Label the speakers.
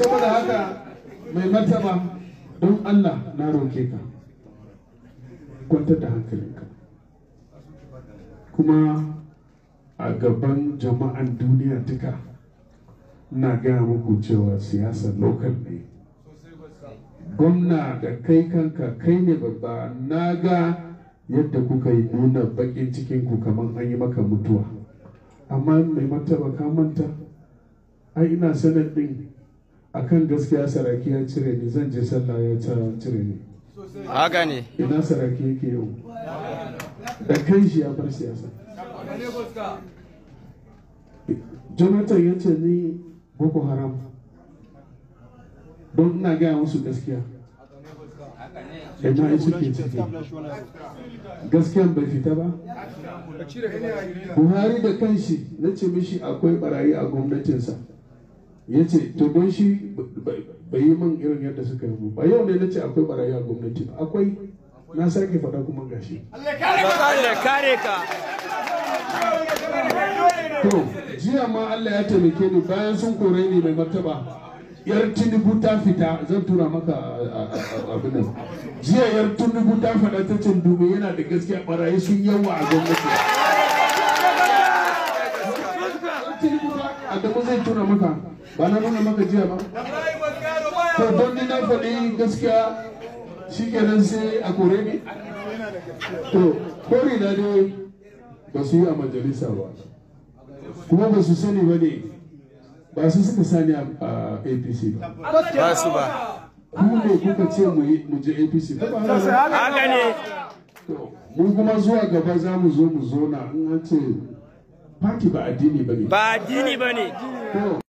Speaker 1: saboda haka mai martaba don Allah na roke ka kwantar da hankalinka kuma a gaban jama'an duniya duka na gaya muku cewa siyasar lokal ne gwamna da kai kanka kai ne babba na ga yadda kuka yi nuna bakin cikinku kamar an yi maka mutuwa amma mai martaba ka manta ai ina sanar din akan gaskiya saraki ya cire ni zan je sallah ya ta cire ni haka ne ina saraki yake yau da kan shi ya bar siyasa jonathan ya ce ni boko haram don ina gaya musu gaskiya
Speaker 2: ina isu ke ciki
Speaker 1: gaskiyan bai fita ba buhari da kanshi na ce mishi akwai barayi a gwamnatinsa ya ce to don shi bai yi man irin yadda suka yi ba yau ne na ce akwai barayi a gwamnati ba akwai na sake faɗa kuma gashi to jiya ma Allah ya taimake ni bayan sun kore ni mai martaba yar tinubu ta fita zan tura maka abin nan jiya yar tinubu ta faɗa ta cin dubu yana da gaskiya barayi sun yawa a gwamnati adamu zai tura maka ba na nuna maka jiya ba to don ni na faɗi gaskiya shi kenan sai a kore ni to kori na dai ba su yi a majalisa ba kuma ba su sani ba ne ba su suka sani a apc ba ba su ba ku ne kuka ce mu je apc ba ba ne mun kuma zuwa gaba za mu zo mu zo na in an ce Party ba addini bane. Ba addini bane.